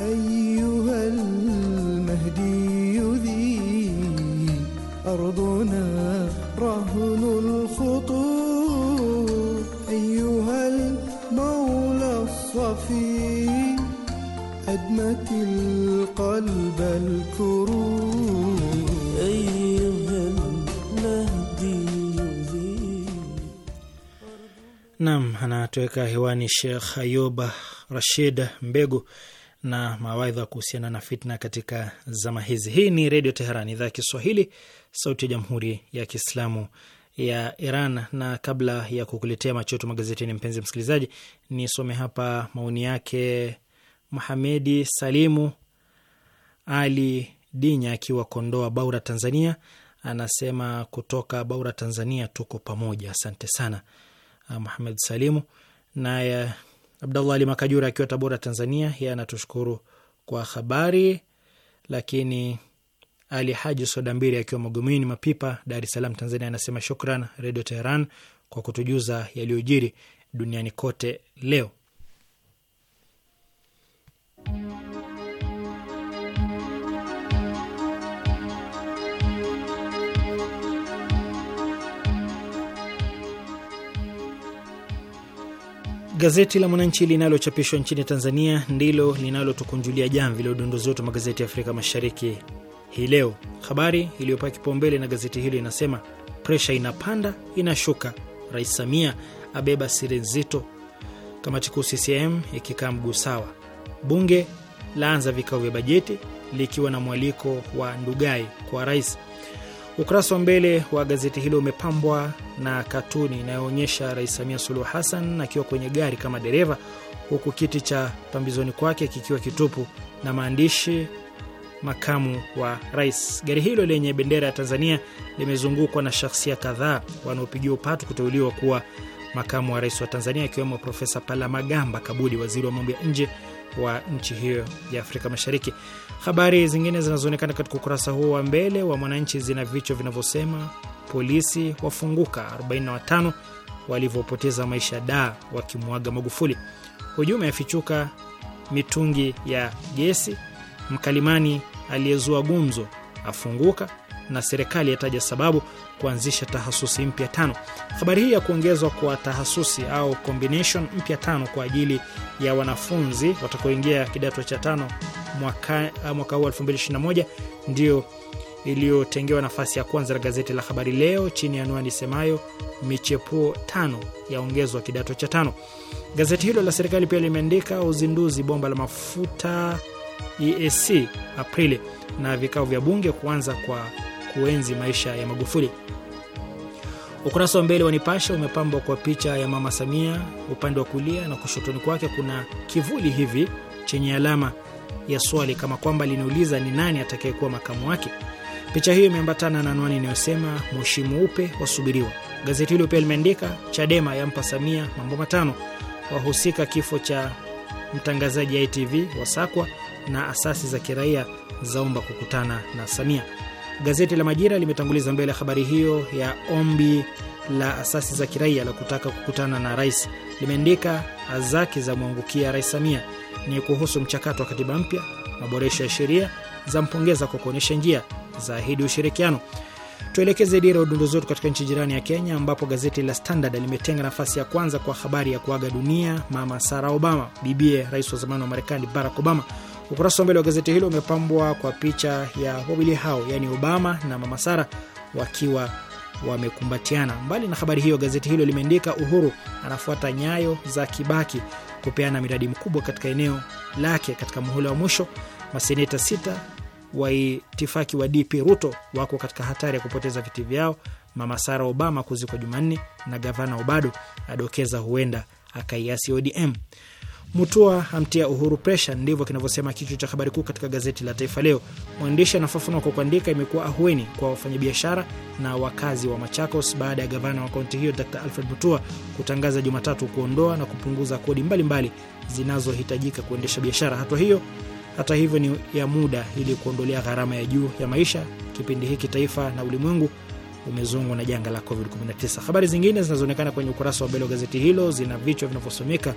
أيها المهدي ذي أرضنا رهن الخطور أيها المولى الصفي أدمت القلب الكروب Nam anatoweka hewani Shekh Ayub Rashid Mbegu na mawaidha kuhusiana na fitna katika zama hizi. Hii ni Redio Teheran, idhaa ya Kiswahili, sauti ya Jamhuri ya Kiislamu ya Iran. Na kabla ya kukuletea machoto magazetini, mpenzi msikilizaji, nisome hapa maoni yake Muhamedi Salimu Ali Dinya akiwa Kondoa Baura, Tanzania. Anasema kutoka Baura, Tanzania, tuko pamoja. Asante sana. Muhamed Salimu. Naye Abdallah Ali Makajura akiwa Tabora, Tanzania, yeye anatushukuru kwa habari. Lakini Ali Haji Soda mbiri akiwa Magomeni Mapipa, Dar es Salaam, Tanzania, anasema shukran Redio Teheran kwa kutujuza yaliyojiri duniani kote leo. Gazeti la Mwananchi linalochapishwa nchini Tanzania ndilo linalotukunjulia jamvi la udondozi wetu magazeti ya Afrika Mashariki hii leo. Habari iliyopaa kipaumbele na gazeti hilo inasema presha inapanda inashuka, Rais Samia abeba siri nzito, kamati kuu CCM ikikaa mguu sawa, bunge laanza vikao vya bajeti likiwa na mwaliko wa Ndugai kwa rais Ukurasa wa mbele wa gazeti hilo umepambwa na katuni inayoonyesha Rais Samia Suluhu Hassan akiwa kwenye gari kama dereva, huku kiti cha pambizoni kwake kikiwa kitupu na maandishi makamu wa rais. Gari hilo lenye bendera ya Tanzania limezungukwa na shahsia kadhaa wanaopigiwa upatu kuteuliwa kuwa makamu wa rais wa Tanzania, akiwemo Profesa Palamagamba Kabudi, waziri wa mambo ya nje wa nchi hiyo ya Afrika Mashariki. Habari zingine zinazoonekana katika ukurasa huo wa mbele wa Mwananchi zina vichwa vinavyosema polisi wafunguka 45 walivyopoteza maisha da wakimwaga Magufuli, hujuma yafichuka mitungi ya gesi, mkalimani aliyezua gumzo afunguka, na serikali yataja sababu kuanzisha tahasusi mpya tano. Habari hii ya kuongezwa kwa tahasusi au combination mpya tano kwa ajili ya wanafunzi watakaoingia kidato cha tano mwaka, uh, mwaka huu 2021 ndio iliyotengewa nafasi ya kwanza la gazeti la Habari Leo chini ya anwani semayo michepuo tano yaongezwa kidato cha tano. Gazeti hilo la serikali pia limeandika uzinduzi bomba la mafuta EAC Aprili na vikao vya bunge kuanza kwa kuenzi maisha ya Magufuli. Ukurasa wa mbele wa nipasha umepambwa kwa picha ya Mama Samia upande wa kulia na kushotoni kwake kuna kivuli hivi chenye alama ya swali kama kwamba linauliza ni nani atakayekuwa makamu wake. Picha hiyo imeambatana na anwani inayosema moshi mweupe wasubiriwa. Gazeti hilo pia limeandika Chadema yampa Samia mambo matano, wahusika kifo cha mtangazaji ITV wasakwa, na asasi za kiraia zaomba kukutana na Samia. Gazeti la Majira limetanguliza mbele habari hiyo ya ombi la asasi za kiraia la kutaka kukutana na rais. Limeandika azaki za mwangukia Rais Samia ni kuhusu mchakato wa katiba mpya, maboresho ya sheria, za mpongeza kwa kuonyesha njia, za ahidi ushirikiano. Tuelekeze dira udunduzi wetu katika nchi jirani ya Kenya, ambapo gazeti la Standard limetenga nafasi ya kwanza kwa habari ya kuaga dunia Mama Sarah Obama, bibie rais wa zamani wa Marekani Barack Obama. Ukurasa wa mbele wa gazeti hilo umepambwa kwa picha ya wawili hao, yaani Obama na Mama Sara wakiwa wamekumbatiana. Mbali na habari hiyo, gazeti hilo limeandika Uhuru anafuata nyayo za Kibaki kupeana miradi mkubwa katika eneo lake katika muhula wa mwisho. Maseneta sita waitifaki wa DP Ruto wako katika hatari ya kupoteza viti vyao. Mama Sara Obama kuzikwa Jumanne, na gavana Obado adokeza huenda akaiasi ODM. Mutua hamtia Uhuru presha, ndivyo kinavyosema kichwa cha habari kuu katika gazeti la Taifa Leo. Mwandishi anafafanua kwa kuandika, imekuwa ahueni kwa wafanyabiashara na wakazi wa Machakos baada ya gavana wa kaunti hiyo Dr Alfred Mutua kutangaza Jumatatu kuondoa na kupunguza kodi mbalimbali zinazohitajika kuendesha biashara. Hatua hiyo hata hivyo ni ya muda, ili kuondolea gharama ya juu ya maisha kipindi hiki taifa na ulimwengu umezungwa na janga la COVID-19. Habari zingine zinazoonekana kwenye ukurasa wa mbele wa gazeti hilo zina vichwa vinavyosomeka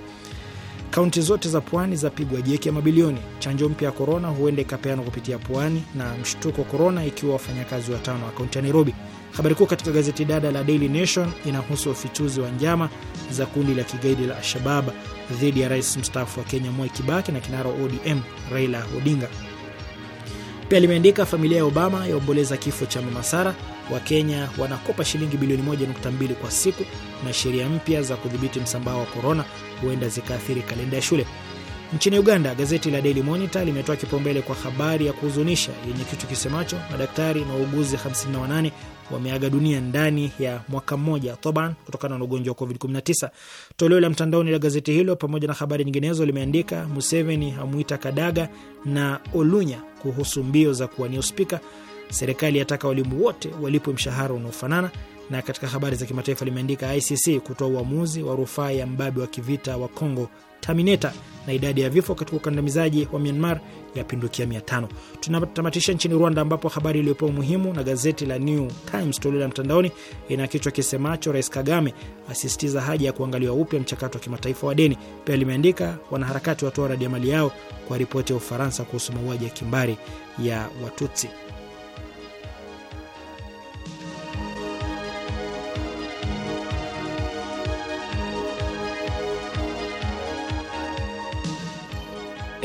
Kaunti zote za pwani zapigwa jeki ya mabilioni. Chanjo mpya ya korona huenda ikapeanwa kupitia pwani, na mshtuko wa korona ikiwa wafanyakazi watano wa kaunti ya Nairobi. Habari kuu katika gazeti dada la Daily Nation inahusu ufichuzi wa njama za kundi la kigaidi la Al-Shabab dhidi ya rais mstaafu wa Kenya Mwai Kibaki na kinara wa ODM Raila Odinga. Pia limeandika familia ya Obama yaomboleza kifo cha mama Wakenya wanakopa shilingi bilioni 1.2 kwa siku, na sheria mpya za kudhibiti msambao wa korona huenda zikaathiri kalenda ya shule. Nchini Uganda, gazeti la Daily Monitor limetoa kipaumbele kwa habari ya kuhuzunisha yenye kitu kisemacho madaktari na wauguzi 58 wameaga dunia ndani ya mwaka mmoja toban kutokana na ugonjwa wa COVID-19. Toleo la mtandaoni la gazeti hilo pamoja na habari nyinginezo limeandika Museveni amwita Kadaga na Olunya kuhusu mbio za kuwania uspika Serikali yataka walimu wote walipwe mshahara unaofanana. Na katika habari za kimataifa limeandika ICC kutoa uamuzi wa rufaa ya mbabe wa kivita wa Congo Terminator, na idadi ya vifo katika ukandamizaji wa Myanmar yapindukia tano. Tunatamatisha nchini Rwanda, ambapo habari iliyopewa umuhimu na gazeti la New Times toleo la mtandaoni ina kichwa kisemacho Rais Kagame asisitiza haja ya kuangaliwa upya mchakato wa kimataifa wa deni. Pia limeandika wanaharakati watoa radiamali yao kwa ripoti ya Ufaransa kuhusu mauaji ya kimbari ya Watutsi.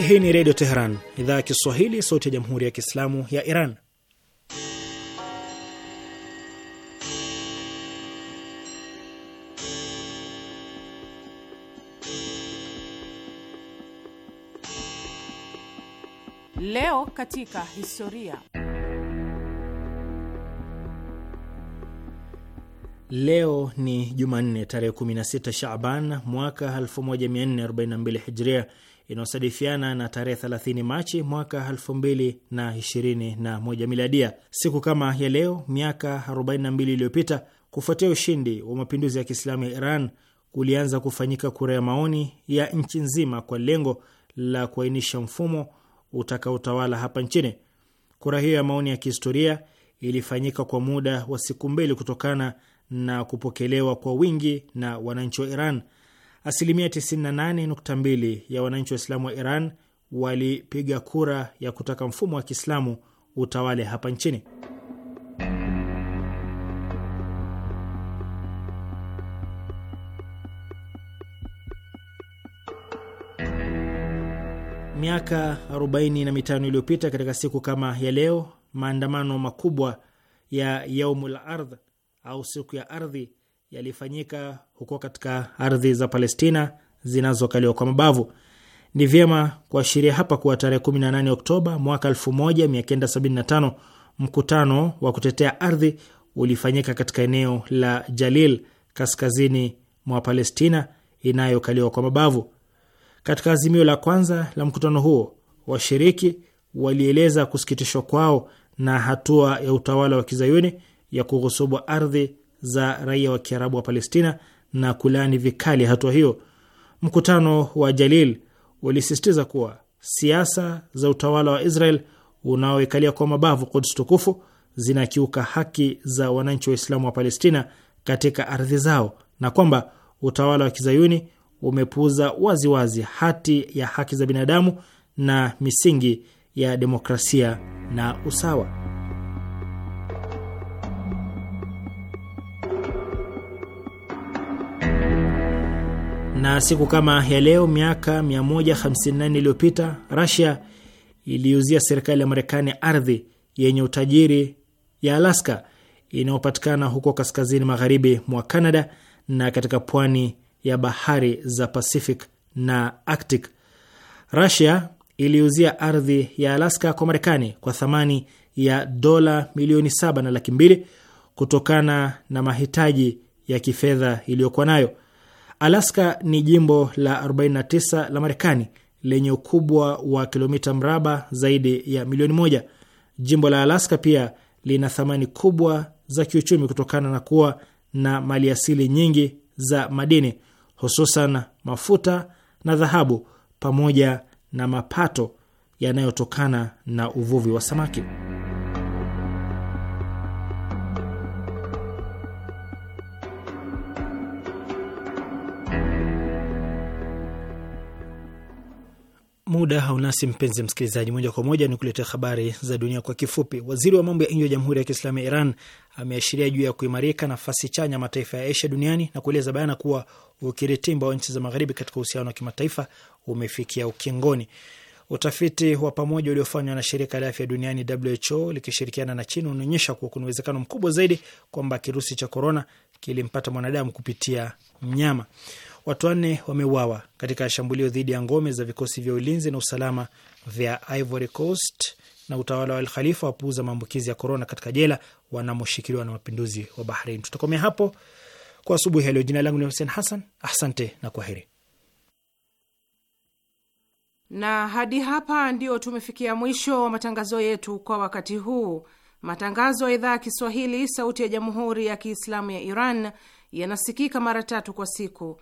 Hii ni Redio Teheran, idhaa ya Kiswahili, sauti ya Jamhuri ya Kiislamu ya Iran. Leo katika historia. Leo ni Jumanne tarehe 16 Shaban mwaka 1442 Hijria, inayosadifiana na tarehe 30 Machi mwaka 2021 miladia. Siku kama ya leo miaka 42 iliyopita, kufuatia ushindi wa mapinduzi ya Kiislamu ya Iran, kulianza kufanyika kura ya maoni ya nchi nzima kwa lengo la kuainisha mfumo utakaotawala hapa nchini. Kura hiyo ya maoni ya kihistoria ilifanyika kwa muda wa siku mbili kutokana na kupokelewa kwa wingi na wananchi wa Iran asilimia 98.2 ya wananchi Waislamu wa Iran walipiga kura ya kutaka mfumo wa Kiislamu utawale hapa nchini. Miaka 45 iliyopita katika siku kama ya leo, maandamano makubwa ya Yaumul Ardh au siku ya ardhi yalifanyika huko katika ardhi za Palestina zinazokaliwa kwa mabavu. Ni vyema kuashiria hapa kuwa tarehe 18 Oktoba mwaka 1975 mkutano wa kutetea ardhi ulifanyika katika eneo la Jalil kaskazini mwa Palestina inayokaliwa kwa mabavu. Katika azimio la kwanza la mkutano huo, washiriki walieleza kusikitishwa kwao na hatua ya utawala wa kizayuni ya kughusubu ardhi za raia wa Kiarabu wa Palestina na kulaani vikali hatua hiyo. Mkutano wa Jalil ulisisitiza kuwa siasa za utawala wa Israel unaoikalia kwa mabavu Kudus tukufu zinakiuka haki za wananchi Waislamu wa Palestina katika ardhi zao na kwamba utawala wa kizayuni umepuuza waziwazi hati ya haki za binadamu na misingi ya demokrasia na usawa. na siku kama ya leo miaka 154 iliyopita Russia iliuzia serikali ya Marekani ardhi yenye utajiri ya Alaska inayopatikana huko kaskazini magharibi mwa Canada na katika pwani ya bahari za Pacific na Arctic. Russia iliuzia ardhi ya Alaska kwa Marekani kwa thamani ya dola milioni saba na laki mbili kutokana na mahitaji ya kifedha iliyokuwa nayo. Alaska ni jimbo la 49 la Marekani lenye ukubwa wa kilomita mraba zaidi ya milioni moja. Jimbo la Alaska pia lina thamani kubwa za kiuchumi kutokana na kuwa na maliasili nyingi za madini, hususan mafuta na dhahabu, pamoja na mapato yanayotokana na uvuvi wa samaki. muda haunasi, mpenzi msikilizaji, moja kwa moja ni kuletea habari za dunia kwa kifupi. Waziri wa mambo ya nje wa Jamhuri ya Kiislamu ya Iran ameashiria juu ya kuimarika nafasi chanya mataifa ya Asia duniani na kueleza bayana kuwa ukiritimba wa nchi za Magharibi katika uhusiano wa kimataifa umefikia ukingoni. Utafiti wa pamoja uliofanywa na shirika la afya duniani WHO likishirikiana na China unaonyesha kuwa kuna uwezekano mkubwa zaidi kwamba kirusi cha korona kilimpata mwanadamu kupitia mnyama. Watu wanne wameuawa katika shambulio dhidi ya ngome za vikosi vya ulinzi na usalama vya Ivory Coast na utawala wa Alkhalifa wapuuza maambukizi ya korona katika jela wanamoshikiliwa na mapinduzi wa Bahrain. Tutakomea hapo kwa asubuhi ya leo. Jina langu ni Hussein Hassan, asante na kwaheri. Na hadi hapa ndio tumefikia mwisho wa matangazo yetu kwa wakati huu. Matangazo ya idhaa ya Kiswahili, sauti ya jamhuri ya kiislamu ya Iran yanasikika mara tatu kwa siku